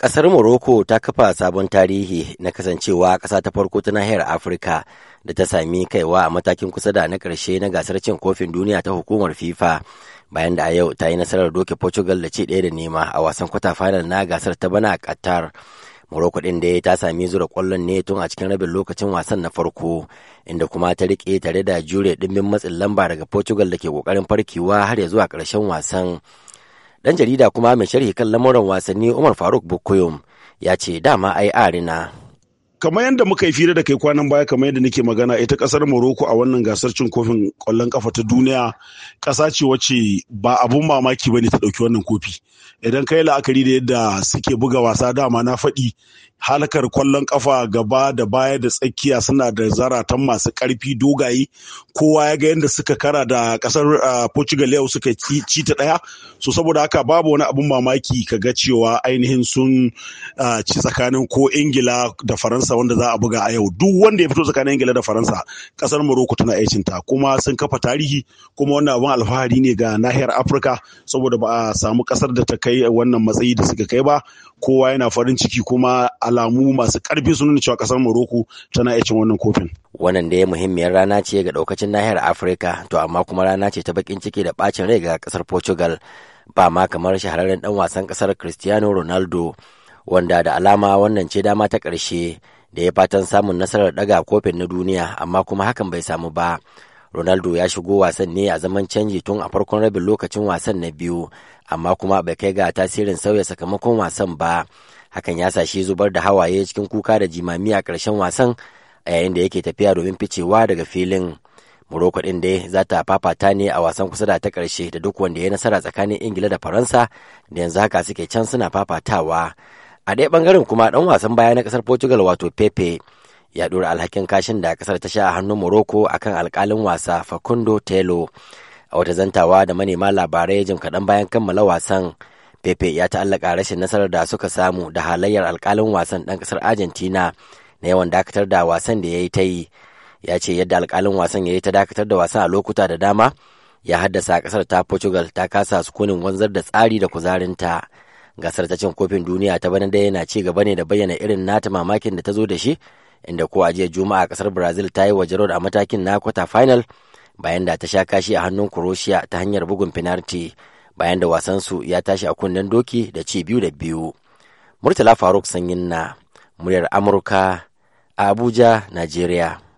Ƙasar Morocco ta kafa sabon tarihi na kasancewa ƙasa ta farko ta nahiyar Afirka da ta sami kaiwa a matakin kusa da na karshe na gasar cin kofin duniya ta hukumar FIFA bayan da a yau ta yi nasarar doke Portugal da ce daya da nema a wasan kwata final na gasar ta bana a Qatar. Morocco ɗin da ta sami zura ƙwallon ne tun a cikin rabin lokacin wasan na farko inda kuma ta rike tare da jure ɗimbin matsin lamba daga Portugal da ke kokarin farkewa har ya zuwa ƙarshen wasan. dan jarida kuma mai sharhi kan lamuran wasanni umar faruk bukoyom ya ce dama ai arina kamar yadda muka yi fira da kai kwanan baya kamar yadda nake magana ita kasar Morocco a wannan gasar cin kofin kwallon kafa ta duniya kasa ce wacce ba abun mamaki bane ta dauki wannan kofi idan kai la'akari da yadda suke buga wasa dama na faɗi halakar kwallon kafa gaba da baya da tsakiya suna da zaratan masu karfi dogaye kowa ya ga yadda suka kara da kasar ah, portugal yau suka ci ta daya so saboda haka babu wani abin mamaki ka ga cewa ainihin sun ah, ci tsakanin ko ingila da faransa wanda za a buga a yau duk wanda ya fito tsakanin ingila da faransa kasar morocco tana aicin ta kuma sun kafa tarihi kuma wannan abin alfahari ne ga nahiyar afirka saboda ba a samu kasar da ta kai wannan matsayi da suka kai ba kowa yana farin ciki kuma a alamu masu karfi sun nuna cewa kasar Morocco tana iya wannan kofin. Wannan da ya muhimmiyar rana ce ga ɗaukacin nahiyar Afirka to amma kuma rana ce ta bakin ciki da bacin rai ga kasar Portugal ba ma kamar shahararren dan wasan ƙasar Cristiano Ronaldo wanda da alama wannan ce dama ta ƙarshe da ya fatan samun nasarar ɗaga kofin na duniya amma kuma hakan bai samu ba. Ronaldo ya shigo wasan ne a zaman canji tun a farkon rabin lokacin wasan na biyu, amma kuma bai kai ga tasirin sauya sakamakon wasan ba. hakan ya sa shi zubar da hawaye cikin kuka da jimami a ƙarshen wasan a yayin da yake tafiya domin ficewa daga filin Morocco ɗin dai za ta fafata ne a wasan kusa da ta ƙarshe da duk wanda ya nasara tsakanin Ingila da Faransa da yanzu haka suke can suna fafatawa. A ɗaya ɓangaren kuma ɗan wasan baya na ƙasar Portugal wato Pepe ya ɗora alhakin kashin da ƙasar ta sha a hannun Morocco akan alƙalin wasa Facundo Telo. A wata zantawa da manema labarai jim kaɗan bayan kammala wasan Pepe ya ta'allaka rashin nasarar da suka samu da halayyar alkalin wasan ɗan ƙasar Argentina na yawan dakatar da wasan da ya yi ta yi. Ya ce yadda alkalin wasan ya yi ta dakatar da wasan a lokuta da dama ya haddasa ƙasar ta Portugal ta kasa sukunin wanzar da tsari da kuzarinta. Gasar ta cin kofin duniya ta bana dai yana ci gaba ne da bayyana irin nata mamakin da ta zo da shi inda ko a jiya Juma'a ƙasar Brazil ta yi wa a matakin na kwata final bayan da ta sha kashi a hannun Croatia ta hanyar bugun finarti. bayan da wasansu ya tashi a kunnen doki da ci biyu da biyu murtala faruk sanyin na muryar amurka abuja najeriya